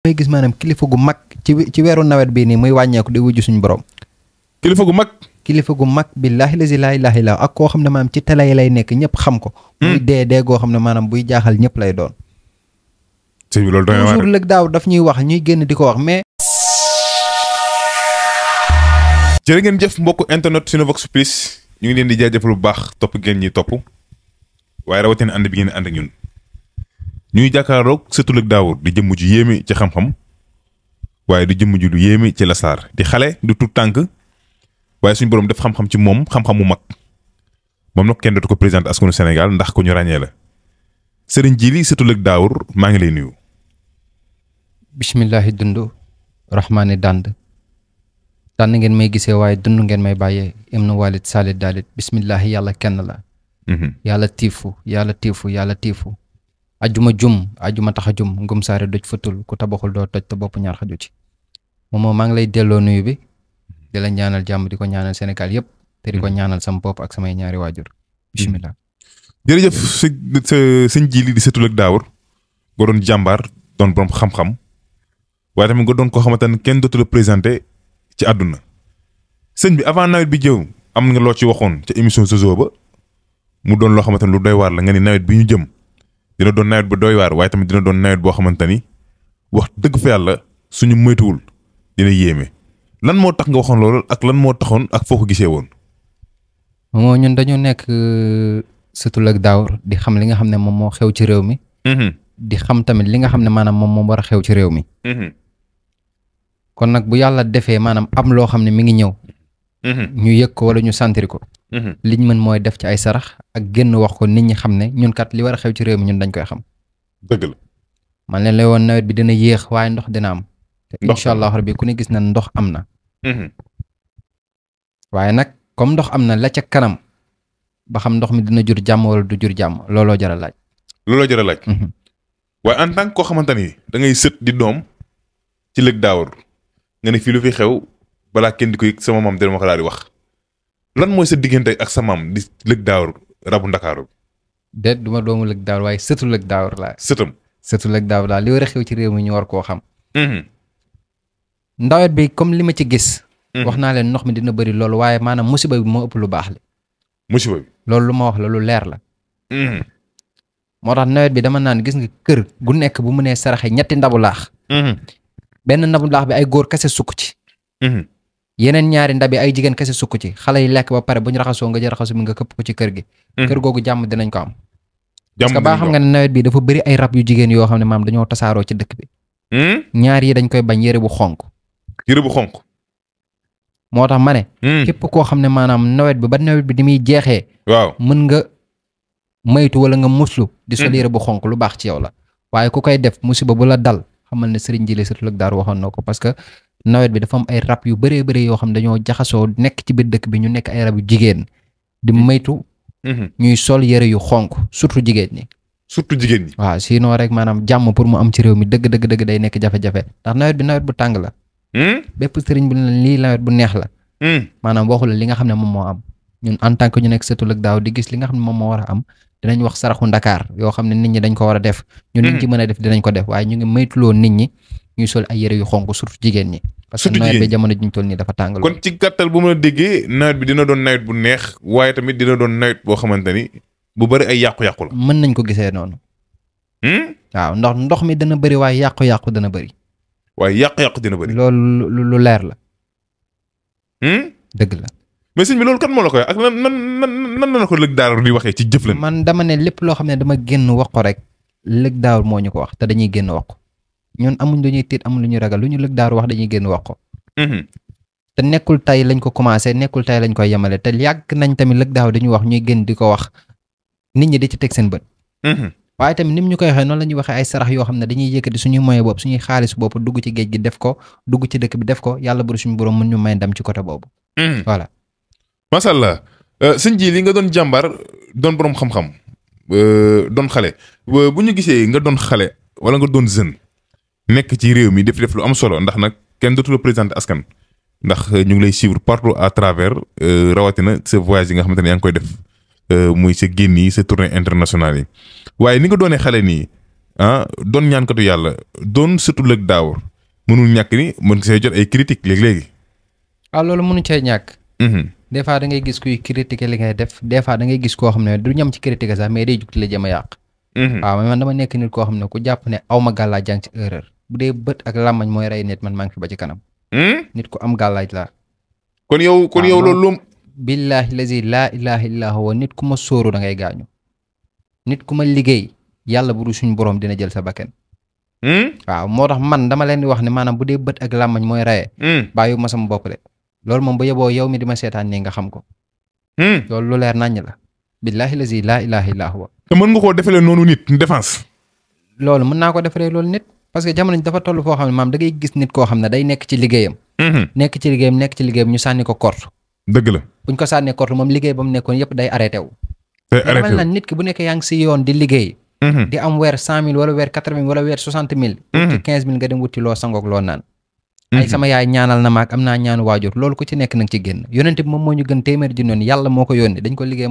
may gis maanaam kilifa gu mag ci ci weeru nawet bi nii muy wàññeeku di wujju suñu borom. kilifa gu mag. kilifa gu mag billaahi laa ilaaha illa ak koo xam ne maanaam ci télé yi lay nekk ñëpp xam ko. Hmm. muy dee dee goo xam ne maanaam buy jaaxal ñëpp lay doon. sëñ lëg daaw daf ñuy wax ñuy génn di ko wax mais. jërë ngeen jëf mbokku internet Cinevox Plus ñu ngi leen di jaajëfal bu baax topp ngeen ñi topp waaye rawatina ànd bi ngeen ànd ak ñun. ñuy jàkkaaroog sëtulëg daawur di jëmm ju yéeme ci xam-xam waaye di jëmm ju lu yéeme ci lasaar di xale du tut tànk waaye suñ borom def xam-xam ci moom xam-xam mu mag moom nag kenn dootu ko présenté askanu senegal ndax ku ñu ràññee la sëriñ Jili sëtulëg daawur maa ngi lay nuyu. bismillahi dund rahmaani dànd tànn ngeen may gisee waaye dund ngeen may bàyyee im nu walit salit dalit bismillahi yàlla kenn la. Mhm. yàlla tiifu yàlla tiifu yàlla tiifu. ajuma jum ajuma tax a jum ngum saare doj fëtul ku tabaxul doo toj te bopp ñaar xaju ci moom maa ngi lay delloo nuyu bi di la ñaanal jàmm di ko ñaanal senegal yëpp te di ko mm-hmm. ñaanal sama bopp ak samay ñaari waajur mm-hmm. bisimilah. jërëjëf sëñ sëñ Jili di sëtul ak Daawur nga doon jàmbaar doon borom xam-xam waaye tamit nga doon koo xamante ne kenn dootu la présenté ci àdduna sëñ bi avant nawet bi jëw am nga loo ci waxoon ca émission Sozo ba mu doon loo xamante ne lu doy la nga ni nawet bi ñu jëm. dina doon nawet bu doy waar waaye tamit dina doon nawet boo xamante ni wax dëgg fa yàlla suñu moytuwul dina yéeme lan moo tax nga waxoon loolu ak lan moo taxoon ak foo ko gisee woon. moo ñun nekk euh, surtout ak daaw di xam li nga xam ne moom moo xew ci réew mi. Mm-hmm. di xam tamit li nga xam ne maanaam moom moo war a xew ci réew mi. Mm-hmm. kon nag bu yàlla defee maanaam am loo xam ne mi ngi ñëw. Mm-hmm. ñu yëg ko wala ñu sentir ko. Mhm. liñ mën mooy def ci ay sarax ak génn wax ko nit ñi xam ne ñun kat li war a xew ci réew mi ñun dañ koy xam. dëgg la. man leen lay woon nawet bi dina yéex waaye ndox dina am. te incha allah rabbi ku ne gis na ndox am na. Mhm. waaye nag comme ndox am na la ca kanam ba xam ndox mi dina jur jàmm wala du jur jàmm looloo jar a laaj. looloo jar a mhm. waaye en tant koo xamante ni da ngay sët di doom ci lëg daawar nga ne fii lu fi xew balaa kenn di ko yëg sama maam dina ma di wax. lan mooy sa diggante ak sa maam di lëg daawar rabu ndakaaru bi. déet du doomu lëg daawar waaye sëtu lëg daawar laa. sëtam sëtu lëg daawar laa li war a xew ci réew mi ñu war koo xam. Mm-hmm. ndawet bi comme li ma ci gis. Mm-hmm. wax naa leen ndox mi dina bari loolu waaye maanaam musiba bi moo ëpp lu baax li. musiba bi loolu lu ma wax la lu leer la. Mm-hmm. moo tax nawet bi dama naan gis nga kër gu nekk bu mënee saraxe ñetti ndabu laax. benn ndabu laax bi ay góor kese sukk ci. yeneen ñaari ndabi ay jigéen kese sukk ci xale yi lekk ba pare bu ñu raxasoo nga jël raxasu mi nga këpp ko ci kër gi. Hmm. kër googu jàmm dinañ ko am. parce que baa xam nga ne nawet bi dafa bëri ay rab yu jigéen yoo xam ne maam dañoo tasaaroo ci dëkk bi. Hmm? ñaar yi dañ koy bañ yëre bu xonk. yëre bu xonk. moo tax ma ne. Hmm. koo xam ne maanaam nawet bi ba nawet bi di muy jeexee. mën nga maytu wala nga muslu. di sol yëre bu xonk lu baax ci yow la. waaye ku koy def musiba bu la dal xamal ne Serigne Djily Sirou Lock Dar waxoon na ko nawet bi dafa am ay rab yu bëree bëri yoo xam ne dañoo jaxasoo nekk ci biir dëkk bi ñu nekk ay rab yu jigéen di maytu mm-hmm. mm-hmm. ñuy sol yëre yu xonk surtout jigéen ñi surtout jigéen ñi waaw sinon rek maanaam jàmm pour mu am ci réew mi dëgg dëgg dëgg day nekk jafe-jafe ndax nawet bi nawet bu tàng la hmm? bépp sëriñ bu ne lii nawet bu neex la hmm. maanaam waxu la li nga xam ne moom moo am ñun en tant que ñu nekk sëtul ak daaw di gis li nga xam ne moom moo war a am dinañ wax saraxu Ndakaar yoo xam ne nit ñi dañ ko war a def ñun hmm. ci mën a def dinañ ko def waaye ñu ngi maytuloo nit ñi ñuy sol ay yére yu xonk surtout jigéen ñi. parce que nawet bi jamono ji ñu toll nii dafa tàngal. kon ci gàttal bu ma la déggee nawet bi dina doon nawet bu neex waaye tamit dina doon nawet boo xamante ni bu bëri ay yàqu-yàqu la. mën nañ ko gisee noonu. Hmm? waaw ndax ndox mi dana bëri waaye yàqu-yàqu dana bëri. waaye yàqu-yàqu dina bëri. loolu lu leer la. Hmm? dëgg la. mais sëñ bi loolu kan moo la koy ak nan nan nan nan ko lëg daaru di waxee ci jëf la. man dama ne lépp loo xam ne dama génn wax ko rek lëg daaru moo ñu ko wax te dañuy génn wax ñun amuñ lu ñuy tiit amuñ lu ñu ragal lu ñu lëg daaru wax dañuy génn wax ko. Mm-hmm. te nekkul tay lañ ko commencé nekkul tay lañ koy yemale te yàgg nañ tamit lëg daaw dañuy wax ñuy génn di ko wax nit ñi di ci teg seen bët. Mm-hmm. waaye tamit nim ñu koy waxee noonu la ñuy waxee ay sarax yoo xam ne dañuy yëkkati suñuy moyen bopp suñuy xaalis bopp dugg ci géej gi def ko dugg ci dëkk bi def ko yàlla bari suñu borom mën ñu may ndam ci côté boobu. Mm-hmm. voilà. macha allah euh, sëñ ji li nga doon jàmbaar doon borom xam-xam euh, doon xale euh, bu ñu gisee nga doon xale wala nga doon jeune nekk ci réew mi def def lu am solo ndax nag kenn dootu la présenté askan ndax euh, ñu ngi lay suivre partout à travers euh, rawatina sa voyage yi nga xamante ne yaa ngi koy def euh, muy sa génn yi sa tournée internationale yi waaye ni nga doonee xale nii ah doon ñaankatu yàlla doon sëtu lëg daawur mënul ñàkk ni mën nga see jot ay critiques léegi-léegi ah loolu mënu cee ñàkk mhm. des fois da ngay gis kuy critiquer li ngay def des fois da ngay gis koo xam ne du ñam ci critiquer sax mais day jug di la jëm a yàq mhm. waaw man dama nekk nit koo xam ne ku jàpp ne aw ma gàllaa jàng bu dee bët ak làmmañ mooy rey nit man maa ngi fi ci kanam. Hmm? nit ko am gàllaaj laa. kon yow kon yow loolu lum. billaahi lazi laa ilaaha illaa nit ku ma sóoru da ngay gaañu. nit ku ma liggéey yàlla bu dul suñu borom dina jël sa bakkan. Hmm? waaw moo tax man dama leen di wax ne maanaam bu dee bët ak làmmañ mooy reyee. Hmm. bàyyi ma sama bopp de loolu moom ba yeboo yow mi di ma seetaan ni nga xam ko. loolu lu leer naññ la. billaahi lazi laa ilaaha illaa huwa. te mën nga loolu mën naa ko defalee loolu parce que jamono ji dafa toll foo xam ne maam da ngay gis nit koo xam ne day nekk ci liggéeyam. Mhm. nekk ci liggéeyam nekk ñu sànni ko kort. dëgg la buñ ko sànnee kort moom liggéey ba nekkoon yëpp day arrêté day arrêté wu mhm. am weer cent weer quatre weer soixante mhm. mille. nga dem wuti loo sangoog loo naan. ay sama yaay ñaanal na maag am naa ñaanu waajur loolu ku ci nekk nag ci génn yonent moom moo ñu gën téeméer ji noonu yàlla moo ko yónni dañ ko liggéey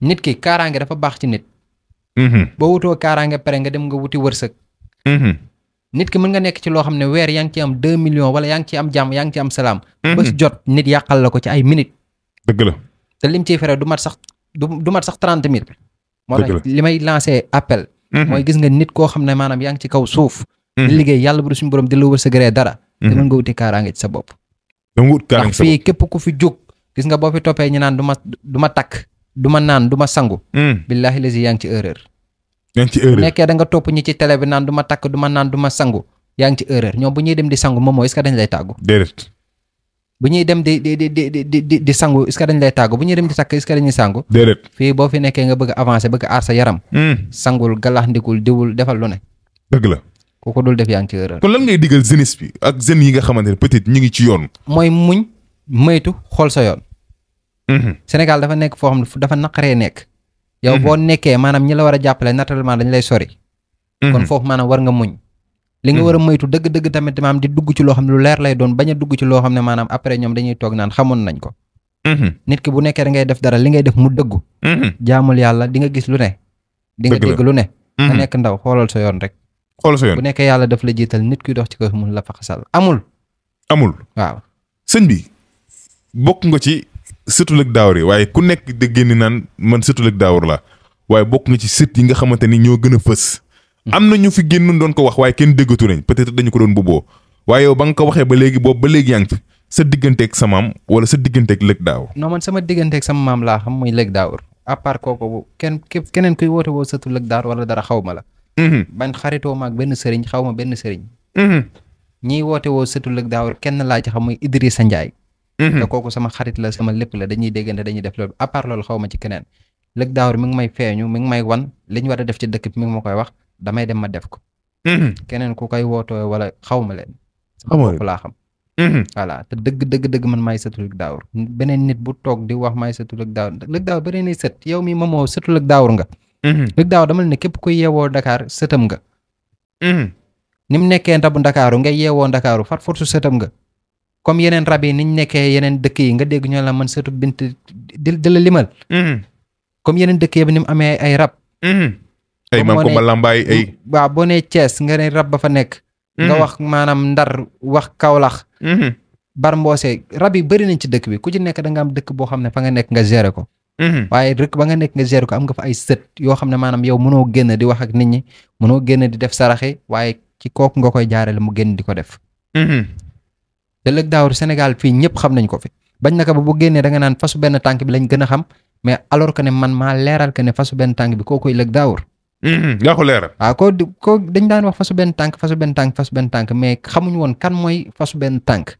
nit ki kaaraange dafa baax ci nit. Mm-hmm. boo wutoo kaaraange pare nga dem nga wuti wërsëg. Mm-hmm. nit ki mën nga nekk ci loo xam ne weer yaa ngi ci am deux million wala yaa ngi ci am jàmm yaa ngi ci am salaam. Mm-hmm. jot nit yàqal la ko ci ay minutes. dëgg la te lim ciy fere du mat sax du du mat sax trente mille. li may lancé appel. mooy gis nga nit koo xam ne maanaam yaa ngi ci kaw suuf. di liggéey yàlla bu suñ borom di la wërsëgëree dara. te mën nga wuti kaaraange ci sa bopp. da wut kaaraange sa bopp ndax fii képp ku fi jóg. gis nga boo fi toppee ñu naan du ma du ma takk. du ma naan du ma sangu. Hmm. billaahi lazi yaa ngi ci erreur. yaa ngi ci erreur nekkee da nga topp ñi ci télé naan du ma takk du ma naan du ma sangu yaa ngi ci erreur ñoom bu ñuy dem di sangu moom mooy est-ce dañ lay tàggu. bu ñuy dem di di di di di di sangu est-ce dañ lay tàggu bu ñuy dem di takk est-ce sangu. fii boo fi nekkee nga bëgg a avancer bëgg aar sa yaram. Hmm. sangul galax ndikul diwul defal lu ne. dëgg la. ku ko dul def yaa ngi ci erreur. kon lan ngay digal jeunesse bi ak jeunes yi nga xamante ne peut-être ñu ngi ci yoon. mooy muñ maytu xool sa yoon. Mhm. Sénégal dafa nekk foo xam ne dafa naqaree nekk. yow mhm. boo nekkee maanaam ñi la war a jàppale naturellement dañu lay sori. Mhm. kon foofu maanaam war nga muñ. li nga war a moytu dëgg-dëgg tamit maanaam di dugg ci loo xam ne lu leer lay doon bañ a dugg ci loo xam ne maanaam après ñoom dañuy toog naan xamoon nañ ko. nit ki bu nekkee da def dara li ngay def mu dëggu. jaamul yàlla di nga gis lu ne. di nga dégg lu ne. nga nekk ndaw xoolal sa yoon rek. xoolal sa yoon bu nekkee yàlla daf la jiital nit ki dox ci la fa xasal amul. amul waaw sëtu Lëg Daawar yi waaye ku nekk di génn naan man sëtu Lëg Daawar la waaye bokk nga ci sët yi nga xamante ni ñoo gën a fës. am na ñu fi génn doon ko wax waaye kenn déggatu nañ peut-être dañu ko doon bubboo waaye yow ba nga ko waxee ba léegi boobu ba léegi yaa ngi fi sa digganteeg sa maam wala sa digganteeg Lëg Daawar. non man sama digganteeg sama maam laa xam muy Lëg Daawar à part kooku kenn keneen kuy woote woo sëtu Lëg Daawar wala dara xaw ma la. Mm-hmm. ban xaritoo maag benn sëriñ xaw ma benn sëriñ. Mm-hmm. ñiy woote woo sëtu Lëg Daawar kenn laa ci xam muy Idrissa Mhm. te kooku sama xarit la sama lépp la dañuy déggante dañuy def loolu à part loolu xaw ma ci keneen lëg daawar mi may feeñu mi ngi may wan li ñu a def ci dëkk bi mi ngi ma koy wax damay dem ma def ko mhm. keneen ku koy wootoo wala xaw ma leen sama laa xam mhm. voilà te dëgg dëgg dëgg man maay sëtu lëg daawar beneen nit bu toog di wax maay sëtu lëg daawar lëg daawar beneen nit sët yow mi moomoo sëtu lëg daawar nga lëg daawar dama ne képp ku yeewoo Dakar sëtam nga ni mu nekkee ndabu Ndakaaru nga yeewoo Ndakaaru far forsu sëtam nga comme yeneen rab yi niñ nekkee yeneen dëkk yi nga dégg ñoo la man sëtu bint di di la limal. Mhm. comme yeneen dëkk yi ni mu amee ay rab. Mhm. ay maam boo nee cees nga rab ba fa nekk. Mhm. nga wax maanaam Ndar wax Kaolack. bar mboose rab yi bëri nañ ci dëkk bi ku ci nekk da nga am dëkk boo xam ne fa nga nekk nga gérer ko. waaye rek ba nga nekk nga gérer ko am nga fa ay sët yoo xam ne maanaam yow mënoo génn di wax ak nit ñi mënoo génn di def saraxi waaye ci kooku nga koy jaarale mu génn di ko def. te lëg daawar Sénégal fii ñëpp xam nañ ko fi bañ na ko ba bu génnee da nga naan fasu benn tànk bi lañ gën a xam mais alors que ne man maa leeral que ne fasu benn tànk bi kookoy lëg daawar. yaa mm-hmm, ko leeral. waaw ah, koo koo dañ daan wax fasu benn tànk fasu benn tànk fasu benn tànk mais xamuñu woon kan mooy fasu benn tànk.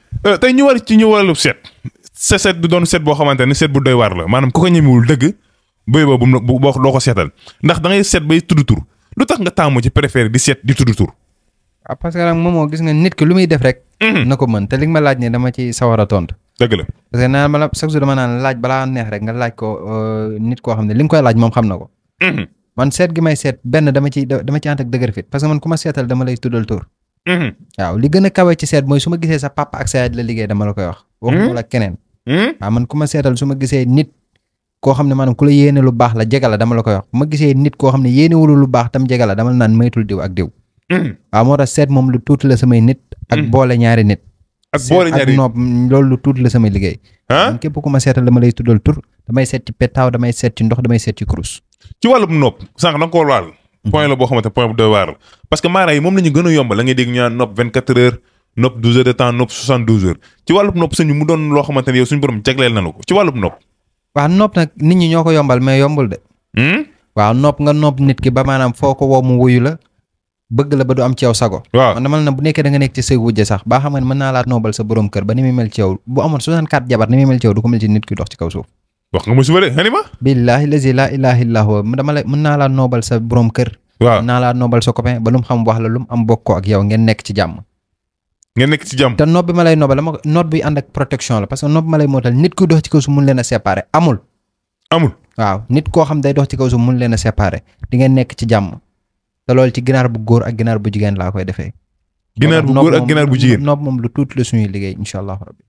Euh, tey ñu war ci ñu waralu seet sa seet du doon seet boo xamante ne seet bu doy waar la maanaam ku ko ñemewul dëgg bëy boobu bu boo doo ko seetal ndax da ngay seet bay tudd tur lu tax nga taamu ci préféré di seet di tudd tur. ah parce moom moo gis nga nit ki lu muy def rek. Mhm. na ko mën te li ma laaj ne dama ci sawar a tontu. dëgg la parce que naan ma naan laaj balaa neex rek nga laaj ko euh, nit koo xam ne li nga koy laaj moom xam na ko. Mhm. man seet gi may seet benn dama ci dama ci ànd ak dëgër man ku ma seetal dama lay tuddal tur. Mhm. waaw li gën a kawe ci seet mooy su ma gisee sa papa ak sa yaay la liggéey dama la koy wax. Mhm. waxuma la keneen. Mhm. man ku ma seetal su ma gisee nit. koo xam ne maanaam ku la yéene lu baax la jegala dama la koy wax bu ma gisee nit koo xam ne yéene lu baax tam jegala dama la naan maytul diw ak diw. waaw moo tax seet moom lu tuuti la samay nit. ak boole ñaari nit. ak boole ñaari nopp loolu lu tuuti la samay liggéey. man képp ku ma seetal dama lay tuddal tur damay seet ci petaaw damay seet ci ndox damay seet ci kurus. ci wàllum nopp sànq da nga point la boo xamante point bu doy waar la parce que moom la ñu gën a ngay dégg ñu naan nopp vingt quatre heures nopp douze heures de temps nopp soixante douze heures ci wàllub nopp suñu mu doon loo xamante ne yow suñu borom nit ñi ñoo ko yombal mais yombul de hmm? waaw nopp nga nopp nit ki ba maanaam foo ko woo mu wuyu la bëgg la ba du am ci sago waaw man naa laa noobal sa borom kër ba ni mel ci bu amoon soixante quatre jabar ni mel ci du ko mel ci nit ki dox wax nga musiba de nga ma. billaahi lazi laa ilaaha illaa huwa dama naa laa noobal sa borom kër. waaw mën naa laa noobal sa copain ba lu mu xam wax la lu mu am bokkoo ak yow ngeen nekk ci jàmm. ngeen nekk ci jàmm. te noot ma lay noobal dama noot buy ànd protection la parce que noot bi ma lay nit ku dox ci kaw su leen a séparer amul. amul waaw nit koo xam day dox ci kaw su mun leen a séparer di ngeen nekk ci jàmm te loolu ci ginaar bu góor ak ginaar bu jigéen laa koy defee. ginaar bu góor ak ginaar bu jigéen noob moom lu tuuti la suñuy liggéey incha allah rabbi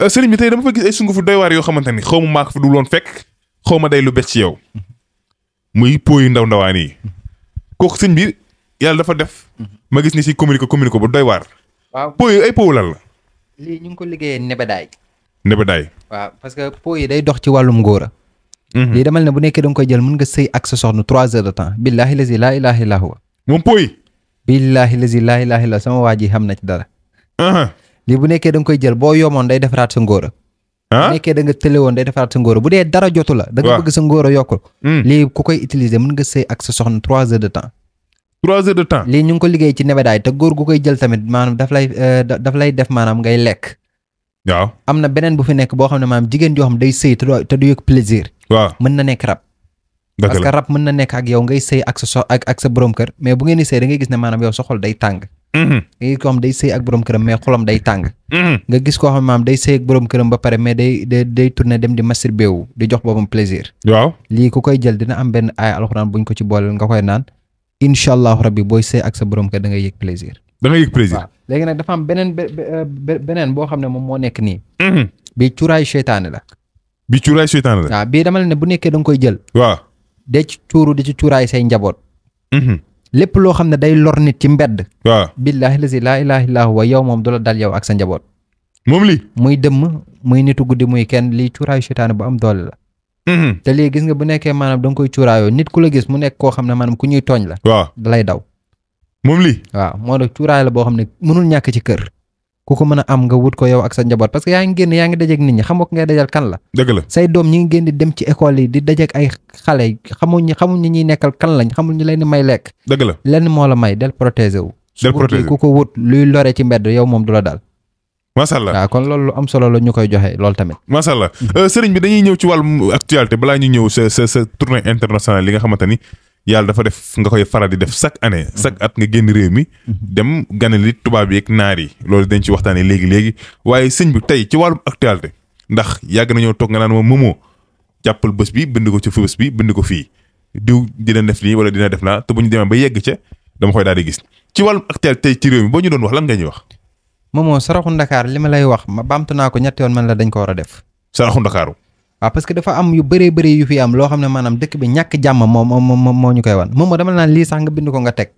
Euh, sëriñ bi tey dama fa gis ay sungufu doy waar yoo xamante ni xaw ma maa ko fa dul fekk xaw ma day lu bet ci yow muy po yu ndaw ndawaan yi kooku sëñ bi yàlla dafa def ma gis ni si communiqué ko bu doy waar. po yi ay po lan la. lii ñu ngi ko liggéeyee nebedaay. nebedaay. waaw parce que po yi day dox ci wàllum ngóora. Mhm. lii demal ne bu nekkee da koy jël mën nga sëy ak sa soxna trois heures de temps. billaahi lazi laa ilaaha illaa huwa. moom po yi. billaahi lazi laa la sam waa ji xam na dara. lii bu nekkee danga nga koy jël boo yomoon day defaraat sa ngóora bu nekkee da nga tële woon day defaraat sa ngóora bu dee dara jotu la da nga bëgg sa ngóora yokkul hmm. lii ku koy utiliser mën nga sëy ak sa soxna trois heures de temps trois ñu ngi ko liggéey ci nebedaay te góor gu koy jël tamit maanaam daf lay euh, daf lay def maanaam ngay lekk waaw am na beneen bu fi nekk boo xam ne maanaam jigéen joo xam day sëy te du yëg na nekk rab parce mën na nekk ak yow ngay sëy ak sa so ak ak sa kër mais bu ngeen di sëy da gis ne maanaam yow sa day tàng Mhm. nga gis koo xam day sëy ak borom këram mais xolam day tàng mhm. nga gis koo xam maam day sëy ak borom këram ba pare mais day day day tourné dem di masturbé wu di jox boppam lii ku koy jël dina am benn aaya alxuraan buñ ko ci booleel nga koy naan incha allahu rabbi booy sëy ak sa borom kër da ngay yëg plaisir da yëg plaisir léegi nag dafa am beneen euh, beneen boo xam ne moom moo nekk nii mhm. bii cuuraayu seytaane la bi cuuraay seytaane la waaw bii dama la ne bu nekkee danga koy jël waaw de ci cuuru di ci cuuraay say njaboot lépp loo xam ne day lor nit ci mbedd. waaw billaahi lazi laa ilaaha illaa huwa yow moom du la dal yow ak sa njaboot. moom lii. muy dëmm muy nitu guddi muy kenn lii cuuraayu seytaane bu am doole la. Mhm. te lii gis nga bu nekkee maanaam da nga koy cuuraayoo nit ku la gis mu nekk koo xam ne maanaam ku ñuy tooñ la. waaw da lay daw. moom lii. waaw moo tax cuuraay la boo xam ne mënul ñàkk ci kër. ku ko mën a am nga wut ko yow ak sa njaboot parce que yaa ngi génn yaa ngi dajeeg nit ñi xam nga ngay dajal kan la. dëgg la say doom ñi ngi génn dem ci école yi di dajeeg ay xale xamuñu xamuñu ñuy nekkal kan lañ xamuñu leen may lekk. dëgg la lenn moo la may del protéger wu. ku ko wut luy lore ci mbedd yow moom du la daal. macha allah kon loolu lu am solo la ñu koy joxe loolu tamit. macha allah mm-hmm. euh, sëriñ bi dañuy ñëw ci wàllum actualité balaa ñu ñëw sa sa sa li nga xamante ni yàlla dafa def nga koy faral di def chaque année mm-hmm. chaque at nga génn réew mi mm-hmm. dem ganali tubaab yi ak naar yi loolu dañ ci waxtaanee léegi léegi waaye sëñ bu tey ci wàllum actualité ndax yàgg nañoo toog nga naan moom moomoo jàppal bés bi bind ko ci fi bés bi ko fii diw dina def lii wala dina def naa te bu demee ba yegg ca dama koy daal di gis ci wàllum actualité ci réew boo ñu doon wax lan nga ñuy wax. moomoo saraxu Ndakaar li ma lay wax ma baamtu naa ko ñetti yoon man la dañ ko war a def. saraxu Ndakaaru waaw parce que dafa am yu bëree bëri yu fi am loo xam ne maanaam dëkk bi ñàkk jàmm moo moo moo ñu koy wan moom moo dama naan lii sax nga bind ko nga teg.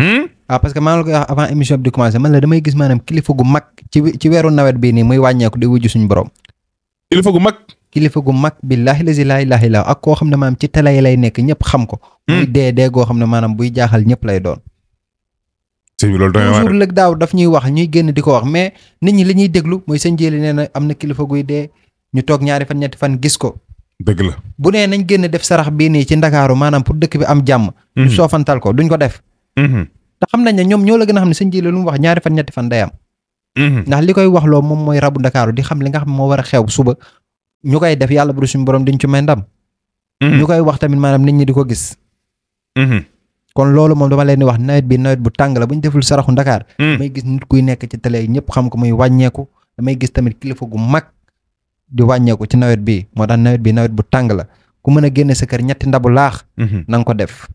Hmm? waaw parce maa ngi koy wax avant émission bi di commencé man la damay gis maanaam kilifa gu mag ci ci weeru nawet koo xam ne maanaam ci télé yi lay nekk ñëpp xam ko. Hmm? muy dee xam ne maanaam buy jaaxal ñëpp lay doon. sëñ daaw daf ñuy wax ñuy génn di ko wax mais nit ñi li ñuy déglu mooy sëñ Jéeli nee na am kilifa guy dee ñu toog ñaari fan ñetti fan gis ko. dëgg la bu nee nañ génn def sarax bii nii ci ndakaaru maanaam pour dëkk bi am jàmm. ñu mhm. soofantal ko duñ ko def. Mhm. te xam nañ ne ñoom ñoo la gën a xam ne sëñ ji la lu mu wax ñaari fan ñetti fan day am. Mhm. ndax li koy wax loo moom mooy rabu ndakaaru di xam li nga xam moo war a xew suba ñu koy def yàlla bu suñu borom diñ ci may ndam. ñu koy wax tamit maanaam nit ñi di ko gis. kon loolu moom dama leen di wax nawet bi nawet bu tàng la bu ñu deful saraxu ndakaar. damay gis nit kuy nekk ci télé yi ñëpp xam ko muy wàññeeku damay gis di wàññeeku ci nawet bi moo tax nawet bi nawet bu tàng la ku mën a génne sa kër ñetti ndabu laax. Mhm. na nga ko def.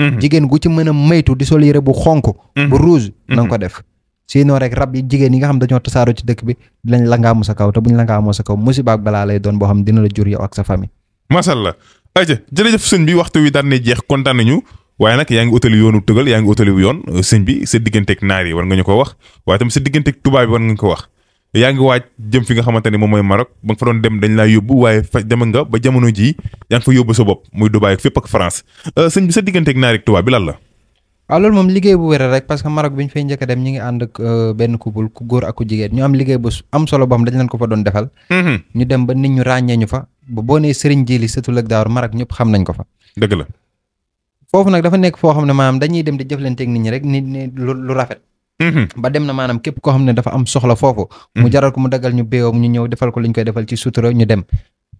Mhm. jigéen gu ci mën a maytu di sol yére bu xonk. Mhm. bu rouge na nga ko def. sinon rek rab yi jigéen yi nga xam dañoo tasaaroo ci dëkk bi dinañ la ngaamu sa kaw te buñ la ngaamoo sa kaw musiba lay doon boo xam dina la jur yow ak sa famille. macha allah ayca jërëjëf sëñ bi waxtu wi daan na jeex kontaan waaye nag yaa ngi utali yoonu tëgal yaa ngi utali yoon sëñ bi sa digganteeg naar yi war nga ñu ko wax waaye tam sa digganteeg tubaab bi war nga ko wax yaa ngi waaj jëm fi nga xamante ne moom mooy Maroc ba nga fa doon dem dañ laa yóbbu waaye fa dem nga ba jamono jii yaa ngi fa yóbbu sa bopp muy Dubaï ak ak France euh, sëñ bi sa digganteeg naar ak tubaab bi lan la. waaw ah, moom liggéey bu wér rek parce que Maroc bi ñu fay njëkk a dem euh, ñu am liggéey bu am solo boo xam dañ leen ko fa doon defal. Mm-hmm. ñu dem ba nit ñu ràññee fa ba boo nee Serigne Djily sëtul ak Daawar Maroc ñëpp xam nañ ko fa. dëgg la. foofu Mm-hmm. ba dem na maanaam képp koo xam ne dafa am soxla foofu. mu mm-hmm. jaral ko mu dagal ñu béyoom ñu ñëw defal ko li ñu koy defal ci sutura ñu dem.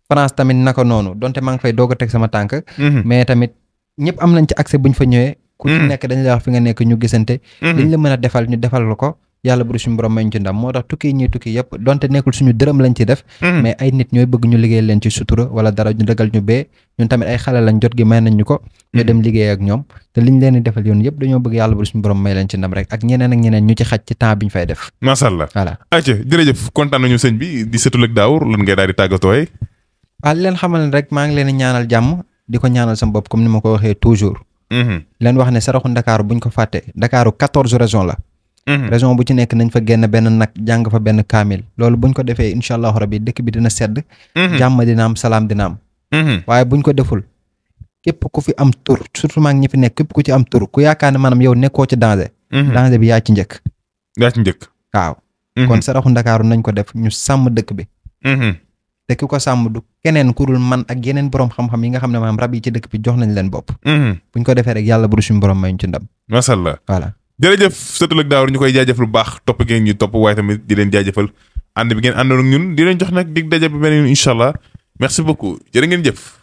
France tamit naka noonu donte maa ngi fay doog a teg sama tànk. Mm-hmm. mais tamit ñëpp am nañ ci accès buñ fa ñëwee. ku ci nekk dañ la wax fi nga nekk ñu gisante. liñ la mën a defal ñu defal la ko. yàlla bu suñu borom may ñu ci ndam moo tax tukki ñuy tukki yëpp donte nekkul suñu dërëm lañ ci def. Mm-hmm. mais ay nit ñooy bëgg ñu liggéey leen ci sutura wala dara ñu ragal ñu bee ñun tamit ay xale lañ jot gi may nañ ñu ko. ñu mm-hmm. liggéey ak ñoom te liñ leen defal yoon yëpp dañoo bëgg yàlla bu suñu borom may leen ci ndam rek ak ñeneen ak ñeneen ñu ci xaj ci temps bi fay def. macha allah voilà. ayca jërëjëf kontaan nañu sëñ bi di sëtul ak daawur lan ngay daal di tàggatoo waaw ah, leen xamal rek maa ngi leen ñaanal jàmm di ko ñaanal sama bopp comme ni m ko waxee toujours mm-hmm. leen wax ne saraxu Ndakaaru buñ ko fàtte Ndakaaru 14 régions la Mhm. région bu ci nekk nañ fa genn benn nag jàng fa benn kaamil loolu buñ ko defee incha allahu rabi dëkk bi dina sedd mhm. jàmm dina am salaam dinaam am mhm. waaye buñ ko deful képp ku fi am tur surtout maa ñi fi nekk képp ku ci am tur ku yaakaar ne maanaam yow nekkoo ci danger bi yaa ci njëkk yaa njëkk waaw kon saraxu ndakaaru nañ ko def ñu sàmm dëkk bi te ko sàmm du keneen ku dul man ak yeneen borom xam-xam yi nga xam ne maanaam rab yi ci dëkk bi jox nañ leen bopp buñ ko defee rek yàlla bu du borom may ñu ci ndam masha jërëjëf sëtul ak daawar ñu koy jaajëfal bu baax topp ngeen ñu topp waaye tamit di leen jaajafal ànd bi ngeen àndoon ak ñun di leen jox nag di daje bu beneen incha allah merci beaucoup jërë ngeen jëf